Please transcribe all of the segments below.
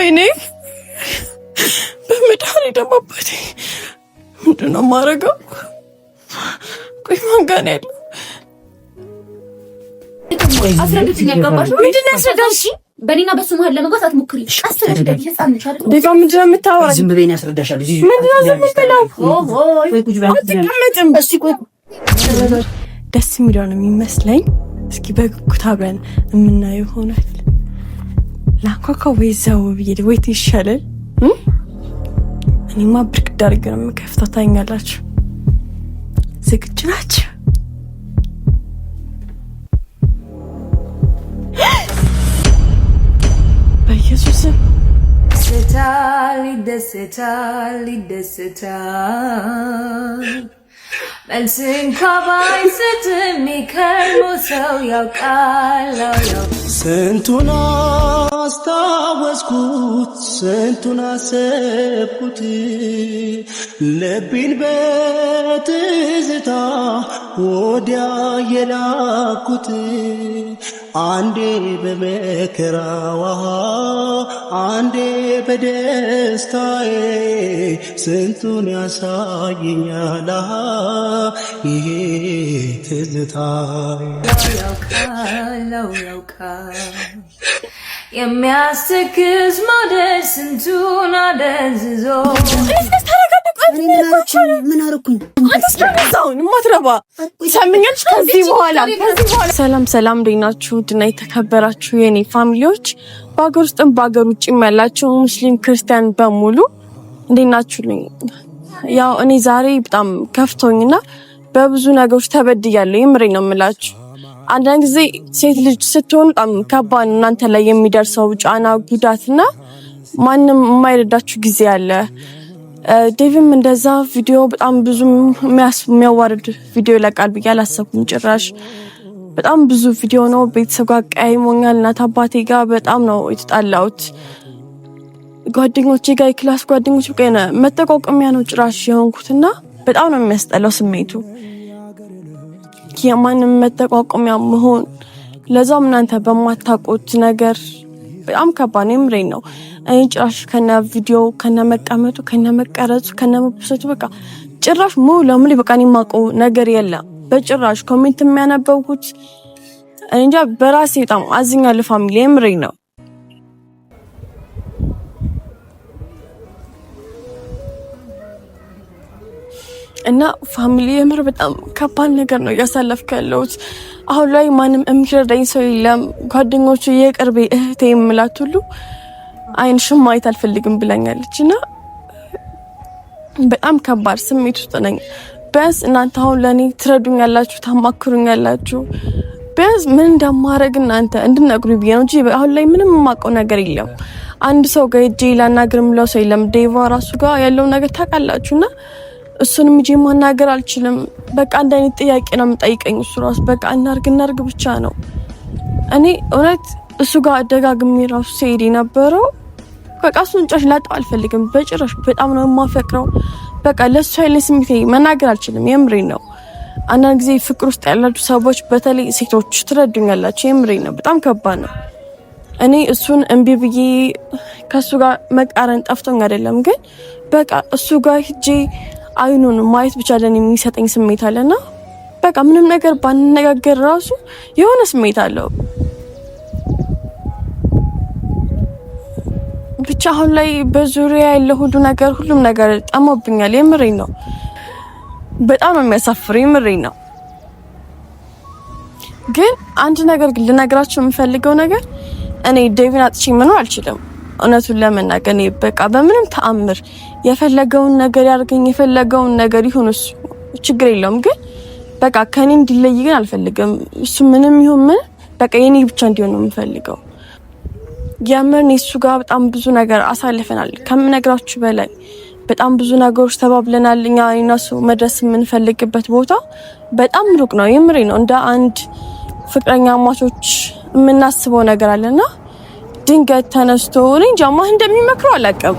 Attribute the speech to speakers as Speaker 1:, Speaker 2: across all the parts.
Speaker 1: ወይኔ በምዳሪ ደማበት ምንድነው ማረገው? ቆይ ማን ጋር ነው ያለው? ደስ የሚለው ነው የሚመስለኝ። እስኪ በጉጉት አብረን የምናየው ይሆናል። ላኳካ ወይ እዛው ብዬ ወይት ይሻላል። እኔማ ብርግድ አድርጌ ነው የምከፍተው። ታኛላችሁ። ዝግጁ ናችሁ? በኢየሱስ
Speaker 2: ይደስታል፣ ይደስታል፣ ይደስታል። መልስን ከባይሰት የሚከርሙ ሰው ያውቃል።
Speaker 3: ስንቱና አስታወስኩት ስንቱን አሰብኩት ልቤን በትዝታ ወዲያ የላኩት አንዴ በመከራዋ አንዴ በደስታዬ ስንቱን ያሳየኛል ይሄ ትዝታ
Speaker 2: ያውቃለው ያውቃል የሚያስክስ ሞዴል ስንቱን አደንዝዞ
Speaker 4: ምን አደረኩኝ?
Speaker 1: ማትረባ ሰላም ሰላም፣ እንዴት ናችሁ? ድና የተከበራችሁ የኔ ፋሚሊዎች በሀገር ውስጥም በሀገር ውጭም ያላችሁ ሙስሊም ክርስቲያን በሙሉ እንዴት ያው እኔ ዛሬ በጣም ከፍቶኝና በብዙ ነገሮች ተበድያለሁ። ነው የምላችሁ አንዳንድ ጊዜ ሴት ልጅ ስትሆን በጣም ከባድ እናንተ ላይ የሚደርሰው ጫና ጉዳትና ማንም የማይረዳችሁ ጊዜ አለ። ዴቪም እንደዛ ቪዲዮ በጣም ብዙ የሚያዋርድ ቪዲዮ ይለቃል ብዬ አላሰብኩም ጭራሽ። በጣም ብዙ ቪዲዮ ነው። ቤተሰብ ጋር ቀያይሞኛል። እናት አባቴ ጋር በጣም ነው የተጣላሁት። ጓደኞቼ ጋር የክላስ ጓደኞች በቃ መጠቋቆሚያ ነው ጭራሽ የሆንኩትና በጣም ነው የሚያስጠላው ስሜቱ። የማንም መጠቋቆሚያ መሆን ለዛም እናንተ በማታውቁት ነገር በጣም ከባድ ነው። የምሬን ነው። እኔ ጭራሽ ከነ ቪዲዮ ከነ መቀመጡ ከነ መቀረጹ ከነ መብሰቱ በቃ ጭራሽ ሙሉ ለሙሉ በቃ እኔ የማውቀው ነገር የለም በጭራሽ። ኮሜንት የሚያነበብኩት እንጃ በራሴ በጣም አዝኛለሁ ፋሚሊ፣ የምሬን ነው። እና ፋሚሊ የምር በጣም ከባድ ነገር ነው እያሳለፍክ ያለሁት። አሁን ላይ ማንም የሚረዳኝ ሰው የለም። ጓደኞቹ፣ የቅርቤ እህቴ የምላት ሁሉ አይንሽም ማየት አልፈልግም ብላኛለች እና በጣም ከባድ ስሜት ውስጥ ነኝ። ቢያንስ እናንተ አሁን ለእኔ ትረዱኝ ያላችሁ ታማክሩኝ ያላችሁ ቢያንስ ምን እንደማረግ እናንተ እንድነግሩ ብዬ ነው እንጂ አሁን ላይ ምንም የማውቀው ነገር የለም። አንድ ሰው ጋር ሄጄ ላናግር የምለው ሰው የለም። ዴቫ ራሱ ጋር ያለው ነገር ታውቃላችሁ እና እሱንም እጄ ማናገር አልችልም። በቃ አንድ አይነት ጥያቄ ነው የምጠይቀኝ እሱ ራሱ በቃ እናርግ እናርግ ብቻ ነው። እኔ እውነት እሱ ጋር ደጋግሜ ራሱ ሲሄድ የነበረው በቃ እሱን ጭራሽ ላጣው አልፈልግም በጭራሽ። በጣም ነው የማፈቅረው። በቃ ለእሱ ያለኝ ስሜት መናገር አልችልም። የምሬ ነው። አንዳንድ ጊዜ ፍቅር ውስጥ ያላችሁ ሰዎች በተለይ ሴቶች ትረዱኛላችሁ። የምሬ ነው። በጣም ከባድ ነው። እኔ እሱን እምቢ ብዬ ከእሱ ጋር መቃረን ጠፍቶኝ አይደለም፣ ግን በቃ እሱ ጋር ሂጄ አይኑን ማየት ብቻ ለን የሚሰጠኝ ስሜት አለና በቃ ምንም ነገር ባንነጋገር ራሱ የሆነ ስሜት አለው። ብቻ አሁን ላይ በዙሪያ ያለ ሁሉ ነገር ሁሉም ነገር ጠሞብኛል። የምሬኝ ነው። በጣም ነው የሚያሳፍር። የምሬኝ ነው። ግን አንድ ነገር ግን ልነግራችሁ የምፈልገው ነገር እኔ ዴቪን አጥቼ መኖር አልችልም። እውነቱን ለመናገር እኔ በቃ በምንም ተአምር የፈለገውን ነገር ያርገኝ፣ የፈለገውን ነገር ይሁን፣ እሱ ችግር የለውም። ግን በቃ ከኔ እንዲለይ ግን አልፈልግም። እሱ ምንም ይሁን ምን በቃ የኔ ብቻ እንዲሆን ነው የምፈልገው። የምር እኔ እሱ ጋር በጣም ብዙ ነገር አሳልፈናል፣ ከምነግራችሁ በላይ በጣም ብዙ ነገሮች ተባብለናል። እኛ እነሱ መድረስ የምንፈልግበት ቦታ በጣም ሩቅ ነው። የምሬ ነው። እንደ አንድ ፍቅረኛ አማቾች የምናስበው ነገር አለና ድንገት ተነስቶ እኔ እንጃ እንደሚመክረው አላውቅም።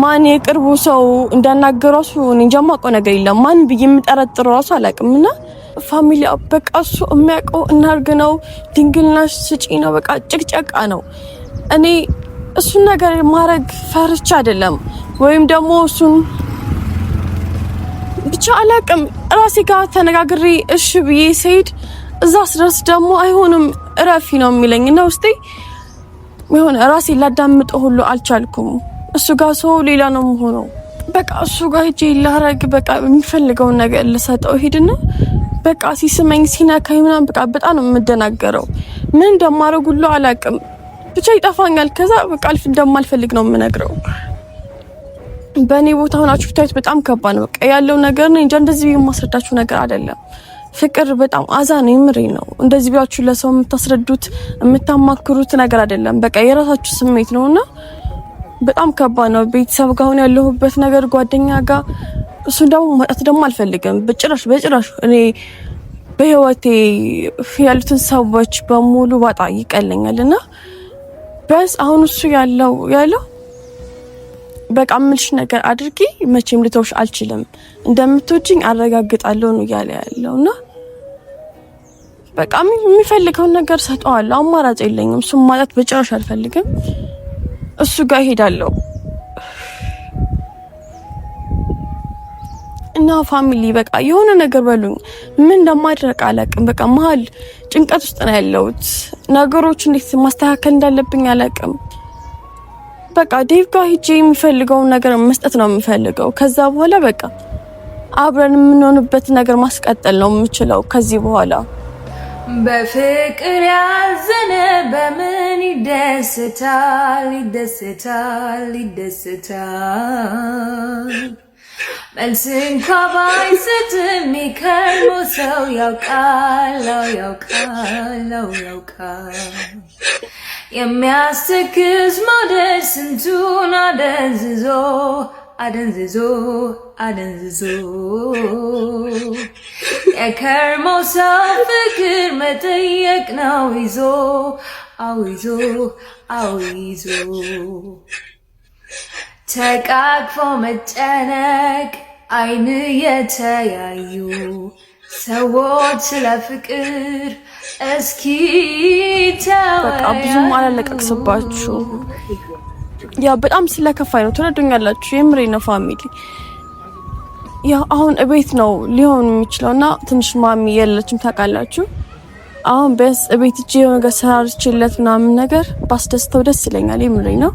Speaker 1: ማን የቅርቡ ሰው እንዳናገረ ራሱ እንጃ የማውቀው ነገር የለም። ማን ብዬ የምጠረጥረው ራሱ አላውቅም። እና ፋሚሊ በቃ እሱ የሚያውቀው እናርግ ነው፣ ድንግልና ስጪ ነው፣ በቃ ጭቅጨቃ ነው። እኔ እሱን ነገር ማድረግ ፈርቻ አይደለም ወይም ደግሞ እሱን ብቻ አላውቅም። ራሴ ጋር ተነጋግሬ እሺ ብዬ ስሄድ እዛ ስደርስ ደግሞ አይሆንም እረፊ ነው የሚለኝ እና ውስጤ የሆነ ራሴ ላዳምጠው ሁሉ አልቻልኩም። እሱ ጋር ሰው ሌላ ነው የምሆነው። በቃ እሱ ጋር ሂጅ ላረግ በቃ የሚፈልገውን ነገር ልሰጠው ሄድና በቃ ሲስመኝ ሲነካኝ ምናምን በቃ በጣም ነው የምደናገረው። ምን እንደማደርግ ሁሉ አላውቅም፣ ብቻ ይጠፋኛል። ከዛ በቃ እንደማልፈልግ ነው የምነግረው። በእኔ ቦታ ሆናችሁ ብታዩት በጣም ከባድ ነው። በቃ ያለው ነገር ነው እንጂ እንደዚህ የማስረዳችሁ ነገር አይደለም። ፍቅር በጣም አዛ ነው። የምሬ ነው። እንደዚህ ብላችሁ ለሰው የምታስረዱት የምታማክሩት ነገር አይደለም። በቃ የራሳችሁ ስሜት ነውና በጣም ከባድ ነው። ቤተሰብ ጋር አሁን ያለሁበት ነገር ጓደኛ ጋር እሱ ደግሞ ማጣት ደግሞ አልፈልግም። በጭራሽ በጭራሽ እኔ በህይወቴ ያሉትን ሰዎች በሙሉ ባጣ ይቀለኛል እና በስ አሁን እሱ ያለው ያለው በቃ ምልሽ ነገር አድርጊ፣ መቼም ልተውሽ አልችልም፣ እንደምትወጂኝ አረጋግጣለሁ ነው እያለ ያለው እና በቃ የሚፈልገውን ነገር ሰጠዋለሁ። አማራጭ የለኝም። እሱም ማጣት በጭራሽ አልፈልግም። እሱ ጋር ሄዳለሁ እና ፋሚሊ በቃ የሆነ ነገር በሉኝ። ምን እንደማድረግ አላቅም። በቃ መሀል ጭንቀት ውስጥ ነው ያለሁት። ነገሮች እንዴት ማስተካከል እንዳለብኝ አላቅም። በቃ ዴቭ ጋር ሂጄ የሚፈልገውን ነገር መስጠት ነው የምፈልገው። ከዛ በኋላ በቃ አብረን የምንሆንበት ነገር ማስቀጠል ነው የምችለው ከዚህ በኋላ
Speaker 2: በፍቅር ያዘነ በምን ይደስታል? ይደስታል፣ ይደስታል። መልስ እንኳ ባይሰጥ የሚከርመው ሰው ያውቃል፣ ያውቃል፣ ያውቃል። የሚያስተክዝ መውደድ ስንቱን አደንዝዞ አደንዝዞ አደንዝዞ የከርመው ሰው ፍቅር መጠየቅ ነው ይዞ አውይዞ አውይዞ ተቃቅፎ መጨነቅ አይን የተያዩ ሰዎች ለፍቅር እስኪ ተወያዩ።
Speaker 1: በቃ ብዙም አላለቀቅስባችሁ። ያው በጣም ስለከፋኝ ነው። ትረዱኛላችሁ። የምሬ ነው ፋሚሊ። ያው አሁን እቤት ነው ሊሆን የሚችለው እና ትንሽ ማሚ የለችም ታውቃላችሁ። አሁን በስ እቤት እጄ ነገር ሰራርችለት ምናምን ነገር ባስደስተው ደስ ይለኛል። የምሬ ነው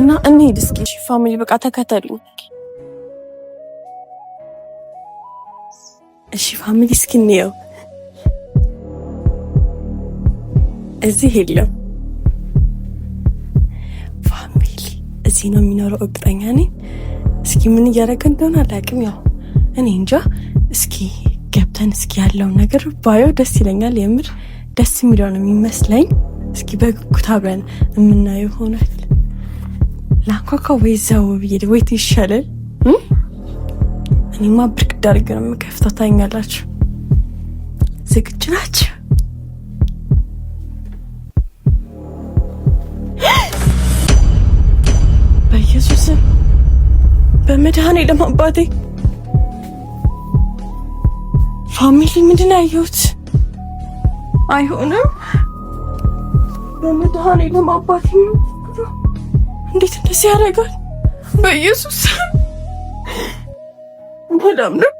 Speaker 1: እና እንሂድ እስኪ ፋሚሊ፣ በቃ ተከተሉኝ። እሺ ፋሚሊ፣ እስኪ እንየው። እዚህ የለም እዚህ ነው የሚኖረው እርግጠኛ ነኝ። እስኪ ምን እያደረገ እንደሆነ አላውቅም። ያው እኔ እንጃ። እስኪ ገብተን እስኪ ያለው ነገር ባየው ደስ ይለኛል። የምር ደስ የሚለው ነው የሚመስለኝ። እስኪ በጉጉት አብረን የምናየው ይሆናል። ላንኳኳ ወይ ዘው ብዬ ወይት ይሻላል። እኔማ ብርቅ ዳርግ ነው የምከፍተው። ታኛላችሁ። ዝግጁ ናችሁ? መድኃኔዓለም አባቴ ፋሚሊ ምንድን ያየሁት አይሆንም። በመድኃኔዓለም አባቴ እንዴት እንደዚህ ያደርጋል? በኢየሱስ በጣም ነው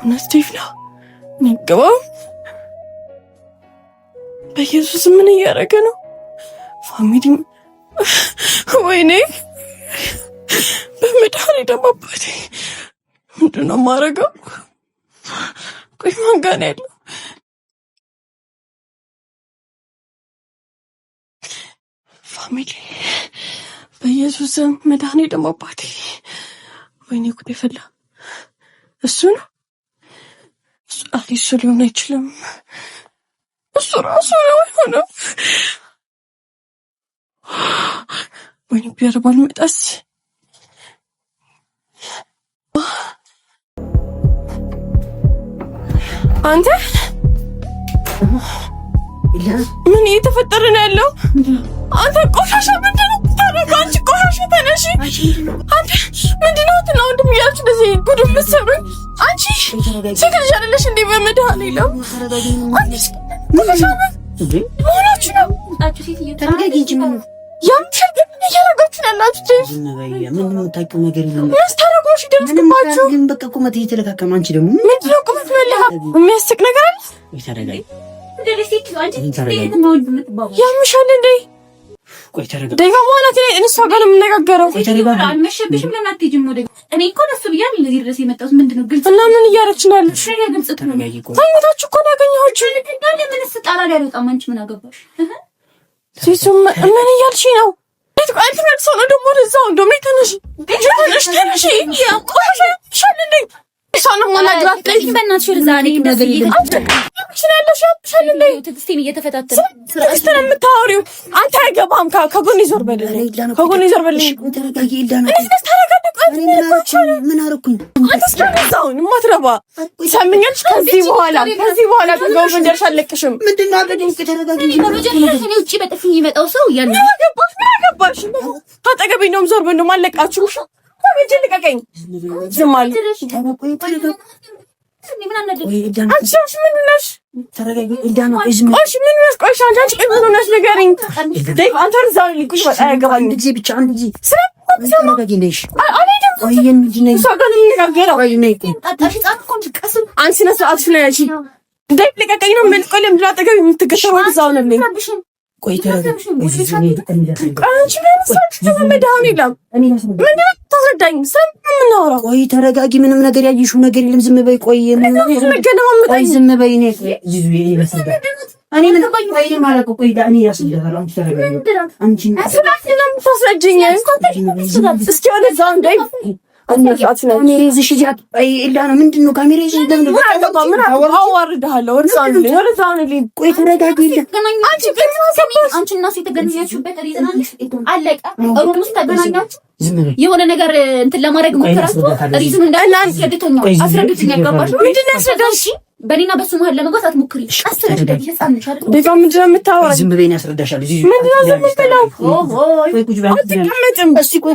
Speaker 1: እውነት ነው ንግባው በኢየሱስ ምን እያደረገ ነው? ፋሚሊ ወይኔ በመድኃኒዓለም አባቴ ምንድን ነው የማደርገው? ቆይ ማን ጋር ነው ያለው? ፋሚሊ በኢየሱስ ስም መድኃኒዓለም አባቴ፣ ወይኔ ጉዴ ፈላ። እሱ ነው አይ፣ እሱ ሊሆን አይችልም። እሱ ራሱ ነው አይሆንም። ወይኔ ቢያርባል መጣስ አንተ ምን እየተፈጠረ ነው ያለው? አንተ ቆሻሻ ምንድን ነው የምታደርገው? አንቺ ቆሻሻ ተነሺ! አንተ ምንድን ነው እንትና ወንድም እያላችሁ እንደዚህ ጉድ የምትሰሩኝ? አንቺ ሴት ልጅ አይደለሽ እንዴ? በመድኃኒዓለም ቆሻሻ መሆናችሁ ነው። ያምሻ ግን እያደረጋችሁ ያላችሁ ምንም የምታውቂው ነገር የለም ሺ ደረስክባችሁ። ግን በቃ ቁመት እየተለካከመ አንቺ ደግሞ ምንድን ነው ቁመት መለካ የሚያስቅ ነገር አለ። ያምሻል እንዴ? ደጋ እንሷ ጋር ነው የምነጋገረው። አልመሸብሽም? ለምን አትሄጂም? ወደ እኔ እኮ ነሱ እዚህ ድረስ የመጣሁት ምንድን ነው ግልጽ እና ምን እያለች ነው እኮ ነው ያገኘኋችሁ። ምን እያልሽ ነው? ምን አደረኩኝ? አንተ እስከሚዛውን የማትረባ ሰምኛልሽ። ከዚህ በኋላ ከዚህ በኋላ ከገቡ መንደርሽ አለቅሽም። ምንድን ነው አድርገኝ? ተረጋጊ። በመጀመሪያ ከኔ ውጭ በጥፊ የሚመጣው ሰው ያለ ገባ ገባሽ? ታጠገቤ ነው ዞርበን አለቃችሁ ተመቼ ልቀቀኝ። ዝም አለ አንቺ ምን ነሽ? ቆሽ ምን ነሽ? ቆሽ አንቺ ምን ነሽ? ንገሪኝ። አንተ እዛ ቁጭ በጣ ያገባኝ ጊዜ ብቻ አንድ ጊዜ አንቺ ነስርአትሽ ላይ ያቺ ልቀቀኝ ነው ምን ቆሌ ምድር አጠገብ የምትገተረው እዛው ነብኝ ቆይ
Speaker 4: ተረጋጊ። ምንም ነገር ያየሽው ነገር የለም። ዝም በይ። ቆይ ዝም በይ።
Speaker 1: እኔ
Speaker 4: የሆነ
Speaker 5: ነገር እንትን ለማድረግ ሞከራችሁ። ሪዝም በሱ መሀል ለመግባት አትሞክሪ። አስረዳሽ።
Speaker 1: ምንድን ነው የምታወራው? ዝም በይኝ። ያስረዳሻል። ምንድን ነው ዝም ብለው አትቀመጭም። እሺ ቆይ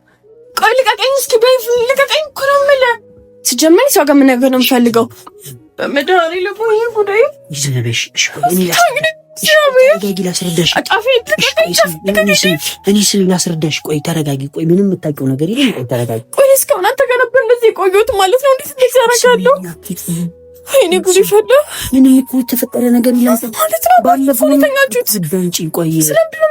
Speaker 1: ቆይ ልቀቀኝ፣ እስኪ በይ ልቀቀኝ። እኮ ነው የምልህ ስጀመር ሰው ጋር ምን ነገር ነው የምፈልገው? በመድኃኔ ቆይ
Speaker 4: ተረጋጊ። ቆይ ምንም የምታውቂው ነገር የለም። ቆይ
Speaker 1: ተረጋጊ። ቆይ እስካሁን አንተ ጋር ነበር እንደዚህ የቆየሁት ማለት ነው። እንዴት እንደዚህ እኔ ጉድ ይፈላ
Speaker 4: ምንም እኮ የተፈጠረ ነገር የለም
Speaker 1: ማለት ነው። ባለፈው
Speaker 4: ተኛችሁት። ቆይ ስለምንድን ነው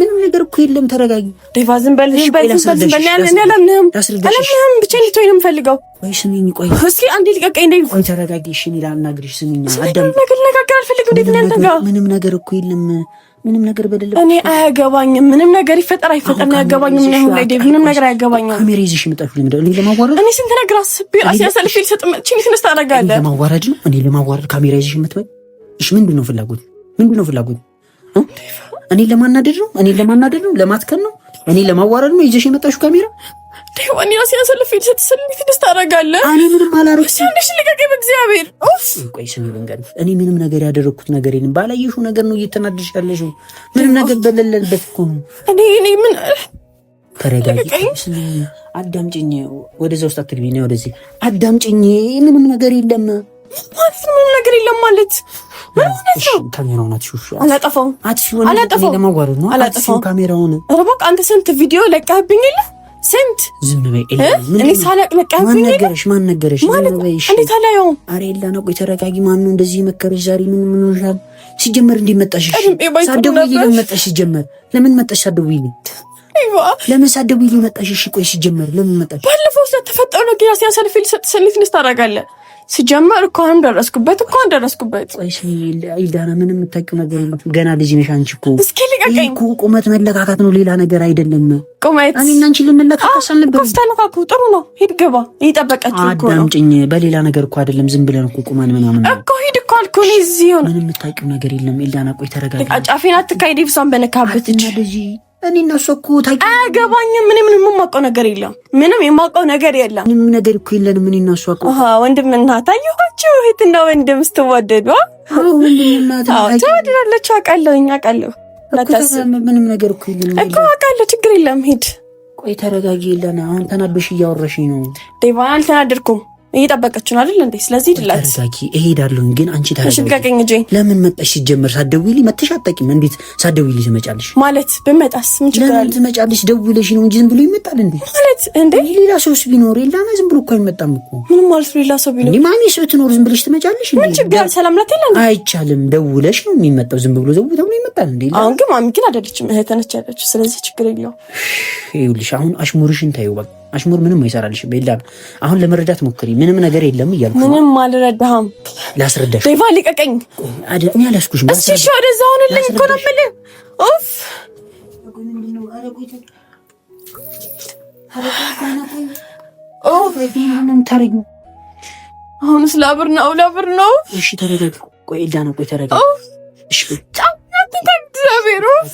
Speaker 4: ምንም ነገር እኮ የለም። ተረጋጊ
Speaker 1: ሪፋ፣ ዝም በል ዝም በል ዝም በል ዝም በል። እኔ አላምንህም አላምንህም። ብቻ ልትወይ ነው የምፈልገው።
Speaker 4: ወይ ስሚኝ፣ ቆይ
Speaker 1: እስኪ አንዴ ልቀቀኝ። እንደ
Speaker 4: ቆይ ተረጋጊ። እሺ እኔ ላናግርሽ። ስሚኝ፣
Speaker 1: አዳም ልነጋገር አልፈልግም። እንዴት ነው ያልነጋው?
Speaker 4: ምንም ነገር እኮ የለም። ምንም ነገር በደለ።
Speaker 1: እኔ አያገባኝም። ምንም ነገር ይፈጠር አይፈጠር ነው አያገባኝም። ምንም ይሁን ላይ ዴቭ፣ ምንም ነገር አያገባኝም።
Speaker 4: ካሜራ ይዘሽ ምጣፍ ለምን ደለ ለማዋረድ
Speaker 1: እኔ ስንት ነገር አስቤ አሲያሰልሽ ልሰጥ ምን ትነስ ታደርጋለህ?
Speaker 4: ለማዋረድ ነው እኔ ለማዋረድ ካሜራ ይዘሽ የምትበይ እሺ። ምንድን ነው ፍላጎት? ምንድን ነው ፍላጎት? እኔ ለማናደድ ነው? እኔ ለማናደድ ነው? ለማትከን ነው? እኔ ለማዋረድ ነው ይዘሽ የመጣሽው ካሜራ?
Speaker 1: ዲዋን ያሲያሰልፍ ስትሰልፍ ደስ ታደርጋለህ።
Speaker 4: እኔ ምንም አላረግኩ።
Speaker 1: ትንሽ ልቀቀኝ በእግዚአብሔር።
Speaker 4: ቆይ ስሚ ልንገር፣ እኔ ምንም ነገር ያደረግኩት ነገር የለም። ባላየሽው ነገር ነው እየተናደድሽ ያለሽው። ምንም ነገር በሌለበት እኮ ነው።
Speaker 1: እኔ እኔ ምን
Speaker 4: ተረጋጊ፣ አዳምጪኝ። ወደዛ ውስጥ አትግቢ። ወደዚህ አዳምጪኝ። ምንም ነገር የለም
Speaker 1: ማለት ምንም ነገር የለም ማለት ካሜራውን እባክህ አንተ ስንት ቪዲዮ ለቀህብኝ የለ ስንት ዝም በይ። እኔ ሳላቅ ማን ነገረሽ?
Speaker 4: ማን ነገረሽ?
Speaker 1: እንዴት አላየውም?
Speaker 4: ኧረ የለ ነው። ቆይ ተረጋጊ። ማን ነው እንደዚህ መከረሽ? ዛሬ ምን ምን ሆነሻል? ሲጀመር እንዴት መጣሽ? ሳትደውይልኝ ለምን መጣሽ? ሲጀመር ለምን መጣሽ? ሳትደውይልኝ ለምን ሳትደውይልኝ መጣሽ? እሺ ቆይ ሲጀመር ለምን መጣሽ?
Speaker 1: ባለፈው ስለተፈጠረው ነገር ያሲያሰልፊ ልሰጥ ሰልፍ ታደርጋለህ ሲጀመር እኮ አሁን ደረስኩበት እኮ አሁን ደረስኩበት።
Speaker 4: ኢልዳና ምንም የምታውቂው ነገር ገና ልጅ ነሽ አንቺ እኮ።
Speaker 1: እስኪ ልቀቀኝ እኮ
Speaker 4: ቁመት መለካካት ነው ሌላ ነገር አይደለም። ቁመት እኔ እና አንቺ ልንለካካስ
Speaker 1: አልነበረም። ተለካኩ ጥሩ ነው። ሂድ ግባ። እየጠበቀችኝ
Speaker 4: እኮ ነው። አዳምጪኝ። በሌላ ነገር እኮ አይደለም። ዝም ብለን እኮ ቁመን ምናምን
Speaker 1: እኮ ሂድ እኮ አልኩ እኔ እዚህ ሆነ
Speaker 4: ምንም የምታውቂው ነገር የለም። ኢልዳና ቆይ ተረጋጋ።
Speaker 1: ጫፌን አትካሄድ ይብሳን በነካበት
Speaker 4: እንጂ እኔ እነሱ እኮ
Speaker 1: አያገባኝም። ምንም ምንም የማውቀው ነገር የለም። ምንም የማውቀው ነገር የለም።
Speaker 4: ምንም ነገር እኮ የለንም። እኔ እነሱ እኮ
Speaker 1: ወንድም እናት አየኋችሁ። እና ወንድም ስትዋደዱ ትወድዳለች። አውቃለሁ፣ አውቃለሁ። ምንም ነገር እኮ የለም እኮ አውቃለሁ። ችግር የለም። ሂድ።
Speaker 4: ቆይ ተረጋጊ። የለን አሁን ተናበሽ እያወረሽኝ ነው።
Speaker 1: አልተናደድኩም እየጠበቀች ነው አይደል እንዴ? ስለዚህ ድላት
Speaker 4: ተረጋጊ። እሄዳለሁኝ ግን አንቺ
Speaker 1: ተረጋጊ።
Speaker 4: ለምን መጣሽ? ሲጀመር ሳትደውይልኝ መተሽ አታውቂም። እንዴት ሳትደውይልኝ ትመጫለሽ?
Speaker 1: ማለት ብመጣስ ምን ችግር አለ?
Speaker 4: ትመጫለሽ። ደውለሽ ነው እንጂ ዝም ብሎ ይመጣል እንዴ? ማለት እንዴ ሌላ ሰውስ ቢኖር የላማ ዝም ብሎ እኮ አይመጣም እኮ።
Speaker 1: ምን ማለት ሌላ ሰው
Speaker 4: ቢኖር? እኔ ማሚ ሰው ትኖር ዝም ብለሽ ትመጫለሽ
Speaker 1: እንዴ? ምን ችግር አለ? ሰላም ላት የለ
Speaker 4: አይቻልም። ደውለሽ ነው የሚመጣው። ዝም ብሎ ዘውተው ነው ይመጣል እንዴ?
Speaker 1: አሁን ግን ማሚ ግን አይደለችም እህትህ ነች ያለችው። ስለዚህ ችግር የለውም።
Speaker 4: ይኸውልሽ አሁን አሽሙርሽን ታይው በቃ አሽሙር ምንም አይሰራልሽ። የለም አሁን ለመረዳት ሞክሪ። ምንም ነገር የለም እያልኩሽ
Speaker 1: ምንም አልረዳህም። ላስረዳሽ ዴቫ ልቀቀኝ። እኔ አላስኩሽም። እሺ እሺ፣ ወደዛ አሁንልኝ እኮ ነው የምልህ። ኡፍ አሁንስ ላብር ነው ላብር ነው።
Speaker 4: እሺ ተረጋግ። ቆይ ኤልዳና ቆይ ተረጋግ።
Speaker 1: እሺ ፌሮስ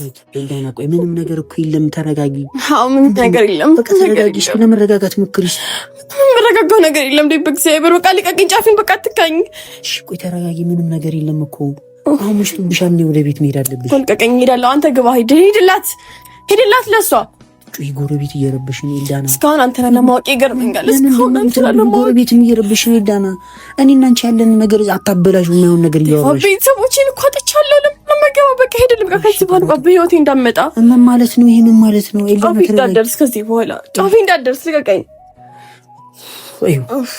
Speaker 4: ቆይ፣ ምንም ነገር እኮ የለም። ተረጋጊ።
Speaker 1: ምንም ነገር የለም።
Speaker 4: በቃ ተረጋጊሽ፣ ለመረጋጋት ሞክሪ።
Speaker 1: የምረጋጋው ነገር የለም። ደ በእግዚአብሔር በቃ ልቀቅኝ፣ ጫፊን በቃ ትካኝ።
Speaker 4: ቆይ ተረጋጊ፣ ምንም ነገር የለም እኮ። አሁን ውስጡ ብሻል ወደ ቤት መሄድ አለብሽ።
Speaker 1: ልቀቀኝ፣ ሄዳለሁ። አንተ ግባ፣ ሂድ፣ ሂድላት፣ ሂድላት ለሷ
Speaker 4: ውጪ ጎረቤት እየረበሽን ኤልዳና፣
Speaker 1: እስካሁን አንተን ለማወቅ ይገርመኛል።
Speaker 4: እስካሁን አንተን ለማወቅ ጎረቤትም እየረበሽን ኤልዳና፣ እኔ እናንቺ ያለን ነገር አታበላሽ። የማይሆን ነገር
Speaker 1: እያወራሽ ቤተሰቦቼን እኮ አጥቻለሁ። እንደማይገባ በቃ ሄደልም ከዚህ በኋላ በህይወቴ እንዳመጣ
Speaker 4: ምን ማለት ነው? ይሄ ምን ማለት ነው?
Speaker 1: ጫፊ እንዳደርስ ከዚህ በኋላ ጫፊ እንዳደርስ ልቀቀኝ።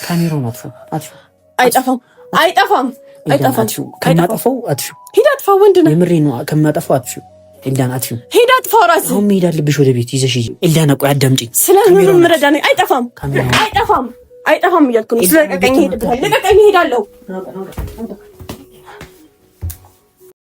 Speaker 4: ካሜራው አጥፎ
Speaker 1: አይጠፋም፣ አይጠፋም፣
Speaker 4: አይጠፋም። ከማጠፋው ሂድ፣ አጥፋ። ወንድ የምሬ ነው። ከማጠፋው ኤልዳን ሂድ፣ አሁን መሄድ አለብሽ ወደ ቤት ይዘሽ ኤልዳን ቆይ አዳምጪኝ።
Speaker 1: ምረዳ ነኝ። አይጠፋም፣ አይጠፋም፣ አይጠፋም እያልኩ ነው። ሄድብሃል። ልቀቀኝ፣ ሄዳለሁ